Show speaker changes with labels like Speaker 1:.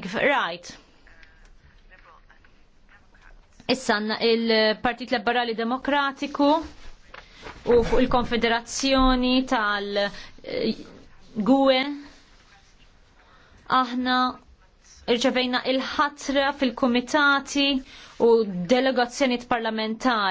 Speaker 1: kif
Speaker 2: rajt. il-Partit Liberali Demokratiku u fuq il-Konfederazzjoni tal-GUE eh, aħna irċevejna il-ħatra fil-komitati u delegazzjoniet
Speaker 3: parlamentari.